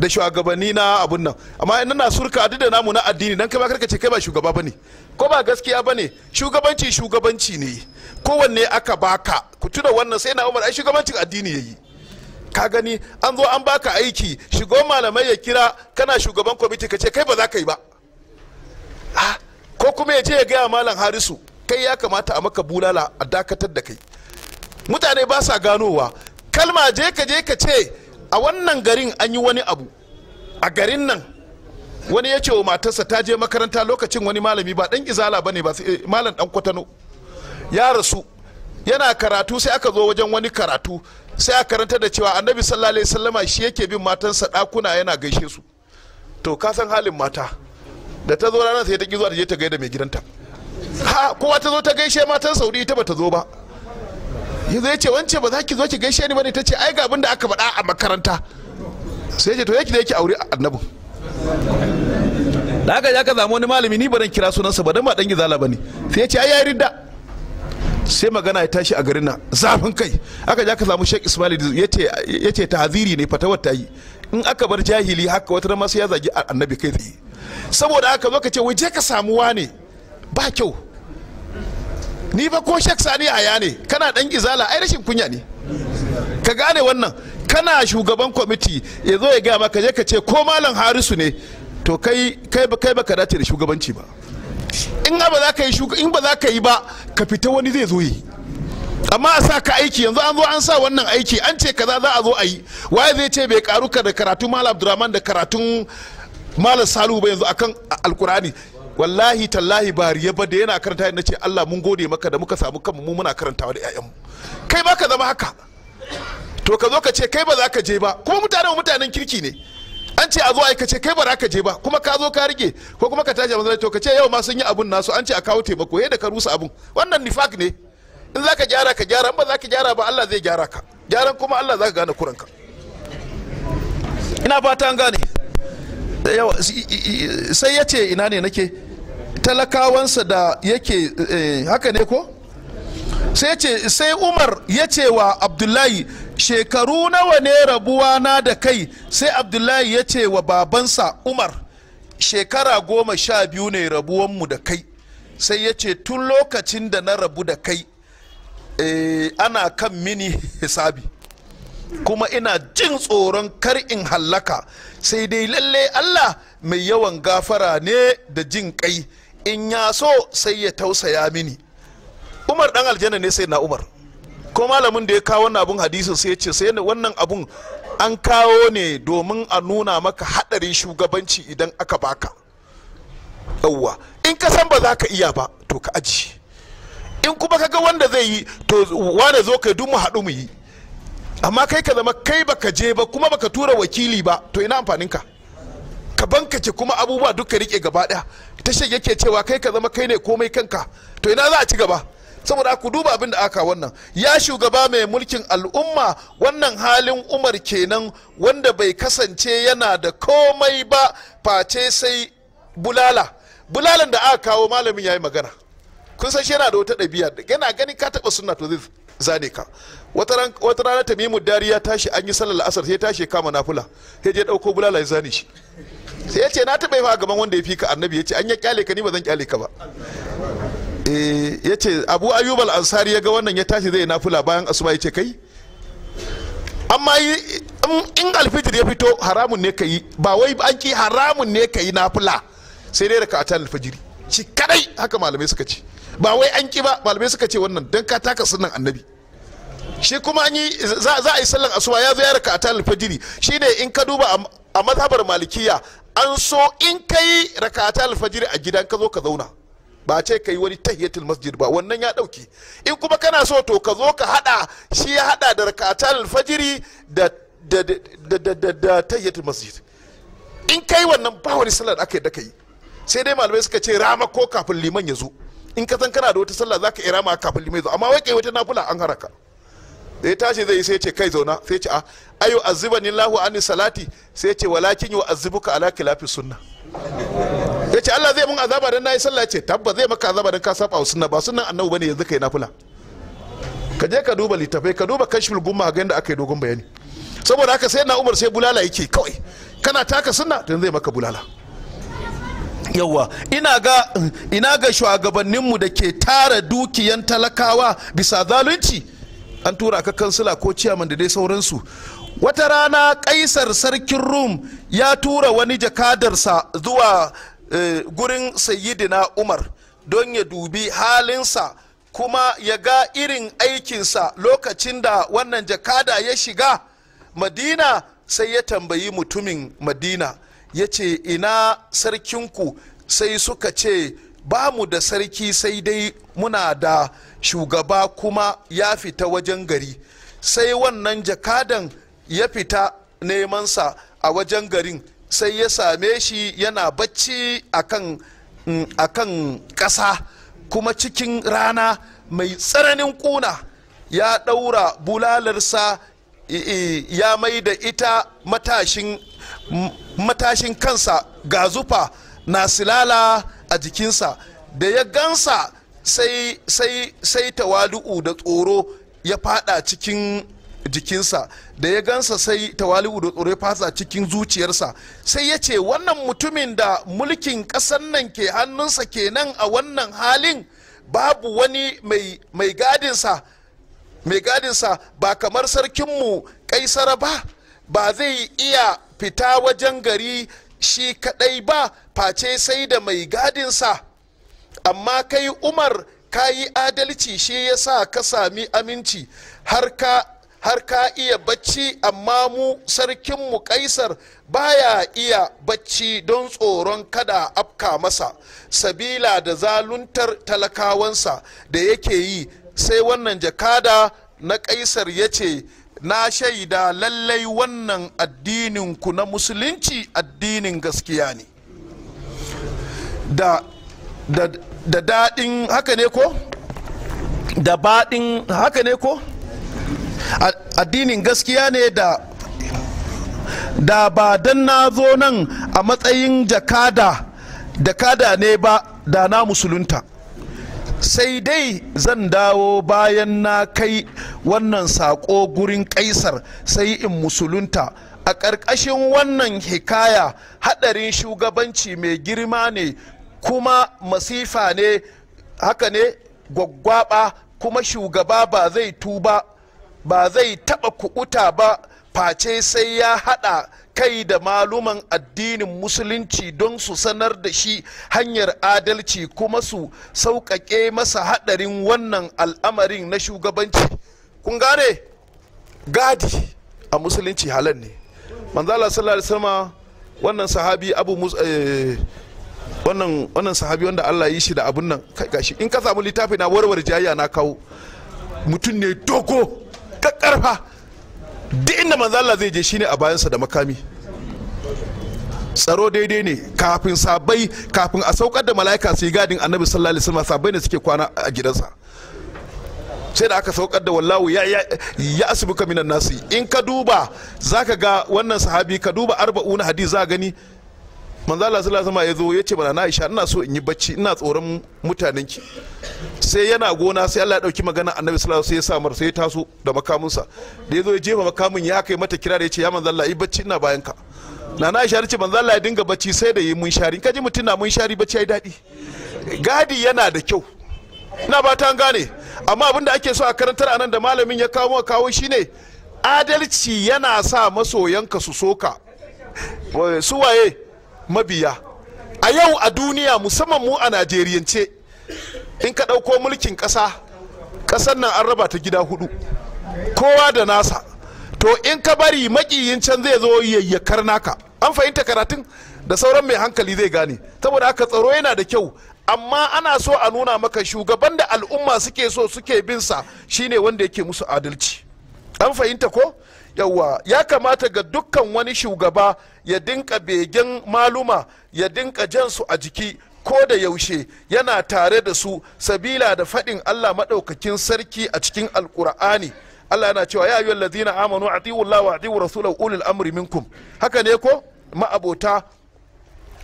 da shugabanni na abun nan amma yana na surka duk da namu na addini dan kai ba karka ce kai ba shugaba bane ko ba gaskiya bane shugabanci shugabanci ne kowanne aka baka ku tuna wannan sai na Umar ai shugabancin addini yayi ka gani an zo an baka aiki shigo malamai ya kira kana shugaban kwamiti ka ce kai ba za ka yi ba ah, ko kuma ya je ya gaya malam harisu kai ya kamata a maka bulala a dakatar da kai mutane ba sa ganowa kalma je ka je ka ce a wannan garin an yi wani abu a garin nan wani ya ce wa matarsa ta je makaranta lokacin wani malami ba dan izala bane ba eh, malam dan kwatano ya rasu yana karatu sai aka zo wajen wani karatu sai a karanta da cewa annabi sallallahu alaihi wasallama shi yake bin matansa dakuna yana gaishe su to ka san halin mata da ta zo ranar sai ta ki zuwa ta je ta gaida mai gidanta ha kowa ta zo ta gaishe matan saudi ita ba ta zo ba yanzu ya ce wance ba za ki zo ki gaishe ni bane ta ce ai ga abin da aka faɗa a makaranta sai ya ce to yake da yake aure annabin da aka ya aka zama wani malami ni baran kira sunansa ba dan ba dan gizala bane sai ya ce ai yayi ridda sai magana ya tashi a garin na zafin kai aka ja ka samu Sheikh Ismail yace yace tahziri ne fatawar ta yi in aka bar jahili haka wata ran ma sai ya zagi annabi kai tsaye saboda aka zo ka ce waje ka samu wane ba kyau ni ba ko shek sani aya ne kana dan izala ai rashin kunya ne ka gane wannan kana shugaban kwamiti ya zo ya gaya maka je ka ce ko malam harisu ne to kai kai ba kai ba ka dace da shugabanci ba in ba za ka yi in ba za ka yi ba ka fita wani zai zo yi amma a sa ka aiki yanzu an zo an sa wannan aiki an ce kaza za a zo a yi waye zai ce bai karu ka da karatun malam abdurrahman da karatun malam salu ba yanzu akan alkurani wallahi tallahi bariya ba da yana karanta na ce Allah mun gode maka da muka samu kanmu mu muna karantawa da ƴaƴanmu kai ba ka zama haka to ka zo ka ce kai ba za ka je ba kuma mutane mutanen kirki ne an ce a zo ai ka ce kai ba za ka je ba kuma ka zo ka rike ko kuma ka tashi a to ka ce yau ma sun yi abun nasu an ce a kawo taimako yadda ka rusa abun wannan nifak ne in za ka gyara ka gyara in ba za ka gyara ba Allah zai gyara ka gyaran kuma Allah za ka gane kuranka ina fata an gane sai ya ce ina ne nake talakawansa da yake eh, haka ne ko sai umar ya ce wa abdullahi shekaru nawa ne rabuwa na da kai sai abdullahi ya ce wa babansa umar shekara goma sha biyu ne rabuwanmu da kai sai ya ce tun lokacin da na rabu da kai eh, ana kan mini hisabi kuma ina jin tsoron kar in hallaka sai dai lalle allah mai yawan gafara ne da jin kai in ya so sai ya tausaya mini umar dan aljanna ne sai na umar ko malamin da ya kawo wannan abun hadisin sai ya ce sai wannan abun an kawo ne domin a nuna maka hadarin shugabanci idan aka baka yawwa in ka san ba za ka iya ba to ka aji in kuma ka ga wanda zai yi to wane zo kai duk mu haɗu mu yi amma kai ka zama kai baka je ba kuma baka tura wakili ba to ina amfaninka ka bankace kuma abubuwa duka rike gaba ɗaya tashar yake cewa kai ka zama kai ne komai kanka to ina za a ci gaba saboda ku duba abin da aka wannan ya shugaba mai mulkin al'umma wannan halin umar kenan wanda bai kasance yana da komai ba face sai bulala bulalan da aka kawo malamin ya yi magana kun san shi yana da wata ɗabi'a yana gani ka taɓa sunna to zai zane ka wata rana tamimu dariya ya tashi an yi sallar asar sai tashi kama nafula sai je ɗauko bulala ya zane shi sai ya ce na taɓa yi a gaban wanda ya fi ka annabi ya ce an ya kyale ka ni ba zan kyale ka ba eh, ya ce abu Ayyubal al-ansari ya ga wannan ya tashi zai nafula bayan asuba ya ce kai amma in alfijir ya fito haramun ne ka yi ba wai an ki haramun ne ka yi nafula sai dai raka ta alfajiri shi kadai haka malamai suka ce ba wai an ki ba malamai suka ce wannan dan ka taka sunan annabi shi kuma an yi za a yi sallan asuba ya zo ya raka ta alfajiri shine in ka duba a mazhabar malikiya an so in kai rakata alfajiri a gidan ka zo ka zauna ba ce kai wani tahiyatul masjid ba wannan ya dauki in kuma kana so to ka zo ka hada shi ya hada da rakata alfajiri da da da da tahiyatul masjid in kai wannan ba wani sallar aka da kai sai dai malamai suka ce rama ko kafin liman ya zo in ka san kana da wata sallah zaka iya rama kafin liman ya zo amma wai kai wata nafila an haraka da ya tashi zai sai ce kai zauna sai ce a ah, azziba ni lahu ani salati sai ce walakin yu azibuka ala khilafi sunna ya ce Allah zai mun azaba dan nayi sallah ce tabba zai maka azaba dan ka saba wa sunna ba sunnan annabi bane yanzu kai nafila ka je ka duba littafai ka duba kashful gumma ga yanda aka yi dogon bayani saboda haka sai na umar sai bulala yake kawai kana taka sunna dan zai maka bulala yawwa ina ga ina ga shugabanninmu da ke tara dukiyan talakawa bisa zalunci an tura ka kansila ko ciyaman da dai sauransu wata rana kaisar sarkin rum ya tura wani jakadarsa zuwa eh, gurin sayyidina umar don ya dubi halinsa kuma ya ga irin aikinsa lokacin da wannan jakada ya shiga madina sai ya tambayi mutumin madina ya ce ina sarkinku sai suka ce ba mu da sarki sai dai muna da shugaba kuma ya fita wajen gari sai wannan jakadan ya fita neman sa a wajen garin sai ya same shi yana bacci mm, a kan ƙasa kuma cikin rana mai tsananin ƙuna ya ɗaura bulalarsa ya mai da ita matashin kansa ga zufa na silala a jikinsa da ya gansa sai sai sai tawalu'u da tsoro ya fada cikin jikinsa da ya gansa sai tawali'u da tsoro ya fasa cikin zuciyarsa sai ya ce wannan mutumin da mulkin ƙasan nan ke hannunsa kenan a wannan halin babu wani mai gadinsa mai gadinsa ba kamar sarkinmu kaisara ba ba zai iya fita wajen gari shi kadai ba face sai da mai gadinsa amma kai umar ka yi adalci shi ya sa ka sami aminci har ka har ka iya bacci amma mu sarkinmu kaisar baya iya bacci don tsoron kada afka masa sabila da zaluntar talakawansa da yake yi sai wannan jakada na kaisar ya ce na shaida lallai wannan addininku na musulunci addinin gaskiya ne da daɗin haka ne ko da baɗin haka ne ko addinin gaskiya ne da da ba don na zo nan a matsayin jakada jakada ne ba da na musulunta sai dai zan dawo bayan na kai wannan saƙo gurin kaisar sai in musulunta a ƙarƙashin wannan hikaya haɗarin shugabanci mai girma ne kuma masifa ne haka ne gwaggwaba kuma shugaba ba zai tuba ba zai taɓa kukuta ba face sai ya haɗa kai da maluman addinin musulunci don su sanar da shi hanyar adalci kuma su sauƙaƙe masa haɗarin wannan al'amarin na shugabanci kun gane gadi a musulunci halar ne manzala sallallahu alaihi wannan sahabi abu eh, wannan wannan sahabi wanda Allah yi shi da abun nan gashi in ka samu littafi na warware jayya na kawo mutum ne dogo kakkarfa duk inda manzo Allah zai je shine a bayansa da makami tsaro daidai ne kafin sabai kafin a saukar da mala'ika su yi gadin annabi sallallahu alaihi wasallam sabai ne suke kwana a gidansa sai da aka saukar da wallahu ya ya asbuka minan nasi in ka duba zaka ga wannan sahabi ka duba arba'una hadith za gani manzo Allah sallallahu alaihi wasallam ya zo ya ce na Aisha ina so in yi bacci ina tsoron mutanen ki sai yana gona sai Allah ya dauki magana Annabi sallallahu alaihi wasallam sai ya samar sai ya taso da sa da ya zo ya jefa makamin ya kai mata kira da ya ce ya manzo Allah yi bacci ina bayan ka na Aisha ta ce manzo Allah ya dinga bacci sai da yi mun shari kaji mutum na mun shari bacci yayi dadi gadi yana da kyau ina ba ta gane amma abinda ake so a karantar anan da malamin ya kawo kawo shine adalci yana sa masoyanka su soka su waye mabiya a yau a duniya musamman mu a najeriyance in ka ɗauko mulkin ƙasa ƙasar nan an raba ta gida hudu kowa da nasa to in ka bari maƙiyin can zai zo yayyakar naka an fahimta karatun da sauran mai hankali zai gane saboda haka tsaro yana da kyau amma ana so a nuna maka shugaban da al'umma suke so suke bin sa shine wanda yake musu adalci an fahimta ko yawa ya kamata ga dukkan wani shugaba ya dinka begen maluma ya dinka jansu a jiki ko da yaushe yana tare da su sabila da faɗin allah maɗaukakin sarki a cikin alkur'ani allah yana cewa ya ayyuhal ladina amanu atiwullahi wa atiwu rasulahu ulil amri minkum haka ne ko ma'abota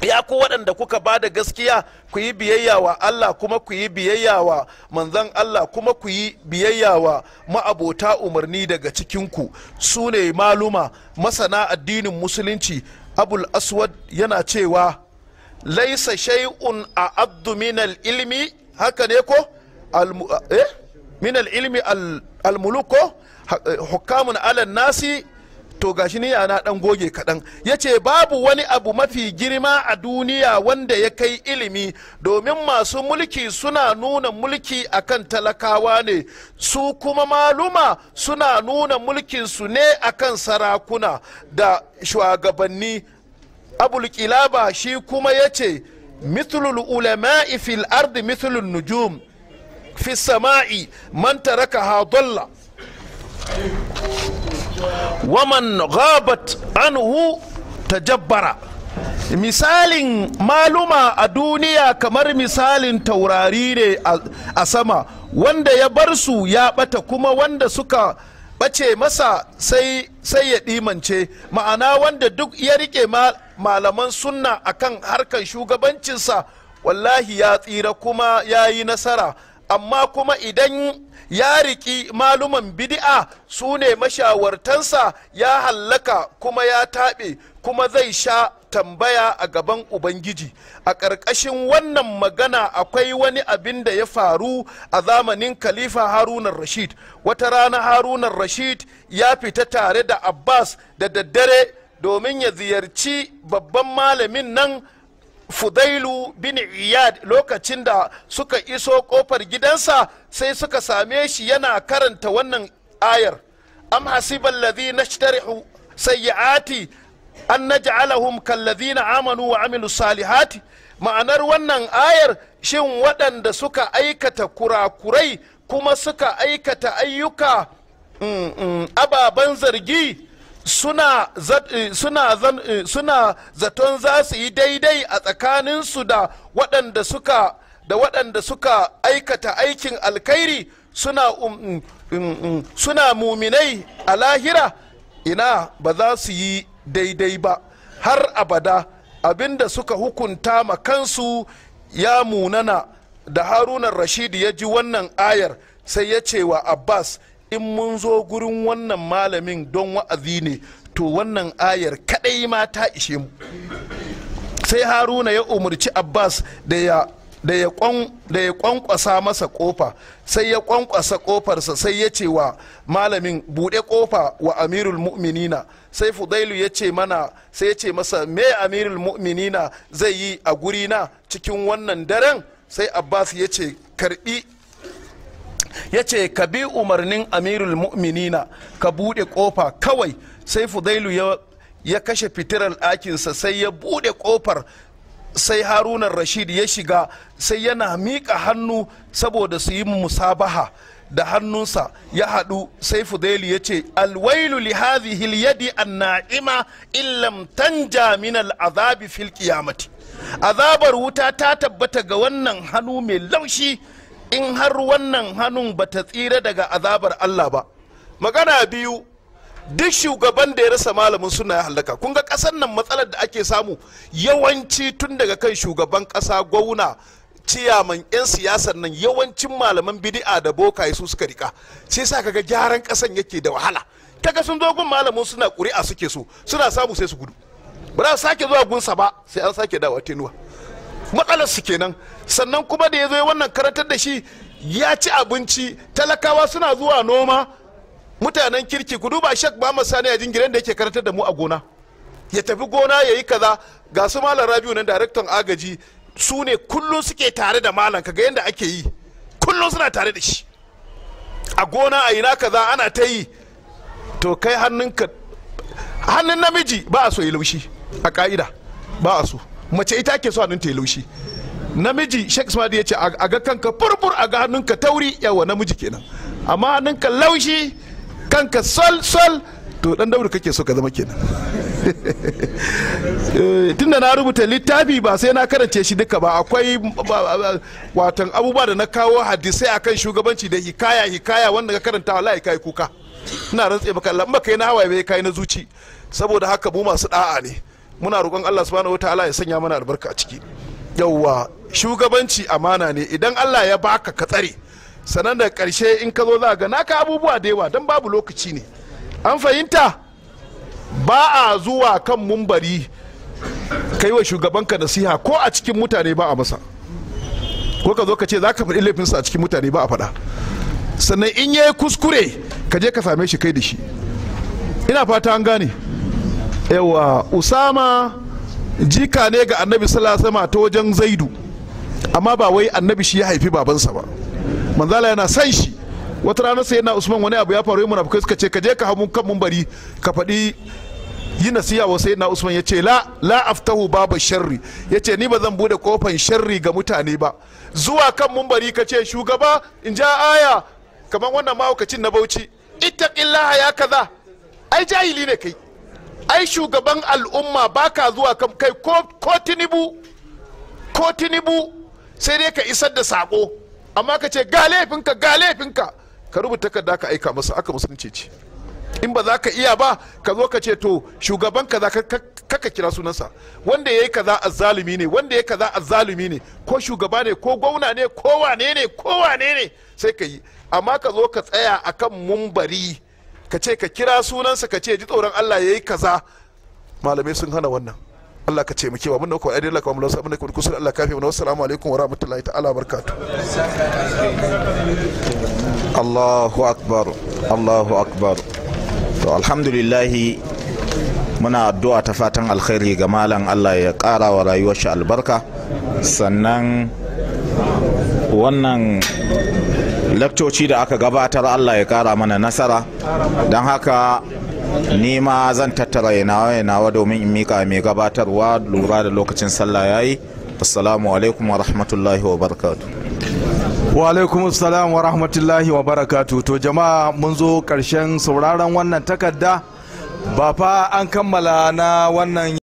ya ku waɗanda kuka ba da gaskiya ku yi biyayya wa Allah kuma ku yi biyayya wa manzan Allah kuma ku yi biyayya wa ma'abota umarni daga cikinku su ne maluma masana addinin musulunci abul aswad yana cewa laisa shay'un a abdu minal ilmi haka ne ko eh? minal ilmi al-muluko eh, hukamun alan nasi to gashi ni na dan goge kaɗan yace babu wani abu mafi girma a duniya wanda ya kai ilimi domin masu mulki suna nuna mulki akan talakawa ne su kuma maluma suna nuna mulkin su ne akan sarakuna da shugabanni abulkilaba shi kuma yace ce mithlul ulama'i fil ardi mithlul nujum fi sama'i man taraka dalla waman ghabat anhu tajabbara misalin maluma a duniya kamar misalin taurari ne a sama wanda ya bar su ya bata kuma wanda suka bace masa sai ya dimance ma'ana wanda duk ya rike malaman sunna akan harkar shugabancinsa wallahi ya tsira kuma ya yi nasara amma kuma idan ya riki maluman bidi'a su ne mashawartansa ya hallaka kuma ya taɓe kuma zai sha tambaya a gaban ubangiji a ƙarƙashin wannan magana akwai wani abin da ya faru a zamanin khalifa harunan rashid wata rana harunan rashid ya fita tare da abbas da daddare domin ya ziyarci babban malamin nan fudailu bin iyad lokacin da suka iso kofar gidansa sai suka same shi yana karanta wannan ayar am hasiban ladhi nashtarihu sayyi'ati an naj'alahum kallazina amanu wa amilu salihati ma'anar wannan ayar shin waɗanda suka aikata kurakurai kuma suka aikata ayyuka mm, mm, ababen zargi Eh, eh, suna zaton za su yi daidai a tsakaninsu da waɗanda suka da waɗanda suka aikata aikin alkhairi suna um, um, um, suna muminai a lahira ina ba za su yi daidai ba har abada abinda suka hukunta ma kansu ya munana da harunan rashidi ya ji wannan ayar sai ya ce wa abbas in mun zo gurin wannan malamin don wa'azi ne to wannan ayar kadai ma ta ishe mu sai haruna ya umarci abbas da ya da kwankwasa masa kofa sai ya kwankwasa kofarsa sai ya ce wa malamin buɗe kofa wa amirul mu'minina sai fudailu ya ce mana sai ya ce masa me amirul mu'minina zai yi a gurina cikin wannan daren sai abbas ya ce karbi ya ce ka bi umarnin amirul mu'minina ka buɗe ƙofa kawai sai fudailu ya kashe fitirar ɗakinsa sai ya buɗe ƙofar sai harunan rashid ya shiga sai yana miƙa hannu saboda su yi musabaha da hannunsa ya haɗu sai fudailu ya ce alwailu li hilyadi yadi anna'ima illam tanja min al'azabi fil qiyamati azabar wuta ta tabbata ga wannan hannu mai laushi in har wannan hannun ba ta tsira daga azabar Allah ba magana biyu duk shugaban da ya rasa malamin suna ya hallaka kun ga ƙasar nan matsalar da ake samu yawanci tun daga kan shugaban ƙasa gwauna ciyaman 'yan siyasar nan yawancin malaman bidi'a da bokaye su suka rika sai sa kaga gyaran ƙasan yake da wahala kaga sun zo gun malamin suna ƙuri'a suke so suna samu sai su gudu ba za sake zuwa gunsa ba sai an sake dawa tenuwa matsalar su kenan sannan kuma da ya zo wannan karatar da shi ya ci abinci talakawa suna zuwa noma mutanen kirki ku duba shak ba sani a jingiren da yake karatar da mu a gona ya tafi gona ya yi kaza ga su malam rabiu nan daraktan agaji su ne kullum suke tare da malam kaga yadda ake yi kullum suna tare da shi a gona a ina kaza ana ta yi to kai hannunka hannun namiji ba a so yi laushi a ka'ida ba a so mace ita ke so hannun ta laushi namiji Sheikh Smadi ya ce a ga kanka furfur a ga hannunka tauri yawa namiji kenan amma hannunka laushi kanka sol sol to dan daura kake so ka zama kenan eh, tunda na rubuta littafi ba sai na karance shi duka ba akwai watan abubuwa da na kawo hadisai akan shugabanci da hikaya hikaya wanda ka karanta wallahi kai kuka ina rantse maka Allah in baka yi na hawaye bai kai na zuci saboda haka mu masu da'a ne muna roƙon Allah subhanahu wataala ya sanya mana albarka a ciki yawwa shugabanci amana ne idan Allah ya baka ka tsare sanan da ƙarshe in ka zo za ga naka abubuwa da yawa don babu lokaci ne an fahimta ba a zuwa kan mumbari kai wa ka nasiha ko a cikin mutane ba a masa ko ka zo ka ce za ka faɗi laifinsa a cikin mutane ba a faɗa sannan in yayi kuskure ka je ka same shi kai da shi ina fata an gane yawa usama jika ne ga annabi sallallahu ta wajen zaidu amma ba wai annabi shi ya haifi babansa ba manzala yana san shi wata rana sai yana usman wani abu ya faru munafukai suka ce ka je ka hau kan mumbari ka faɗi yi nasiya wa sai na usman ya ce la la aftahu babu sharri ya ce ni ba zan bude kofan sharri ga mutane ba zuwa kan mumbari ka ce shugaba in ja aya kamar wannan ma'aukacin na bauchi ittaqillaha ya kaza ai jahili ne kai ai shugaban al'umma baka zuwa kai ko tinubu ko tinubu sai dai ka isar da sako amma ka ce ga laifinka ga laifinka ka rubuta ka da ka aika masa aka musulunci ce in ba za ka iya ba ka zo ka ce to shugaban kaza kaka kira sunansa wanda ya yi kaza azzalumi ne wanda ya kaza azzalumi ne ko shugaba ne ko gwauna ne ko wane ne ko wane ne sai ka yi amma ka zo ka tsaya akan mumbari ka ce ka kira sunansa ka ce ji tsoron Allah ya yi kaza malamai sun hana wannan Allah ka ce muke ba. mun ko aidin Allah ka mu lausa mun ko kusur Allah kafi wasu? assalamu alaikum wa rahmatullahi ta'ala barkatu Allahu akbar Allahu akbar to alhamdulillah muna addu'a ta fatan alkhairi ga malam Allah ya kara wa rayuwar shi albarka sannan wannan lakcoci da aka gabatar allah ya kara mana nasara don haka ni ma zan tattara yanawa-yanawa domin in mika mai gabatarwa lura da lokacin sallah ya yi assalamu alaikum wa rahmatullahi wa barakatu wa alaikum assalam wa rahmatullahi wa barakatu to jama'a mun zo karshen sauraron wannan takarda ba fa an kammala na wannan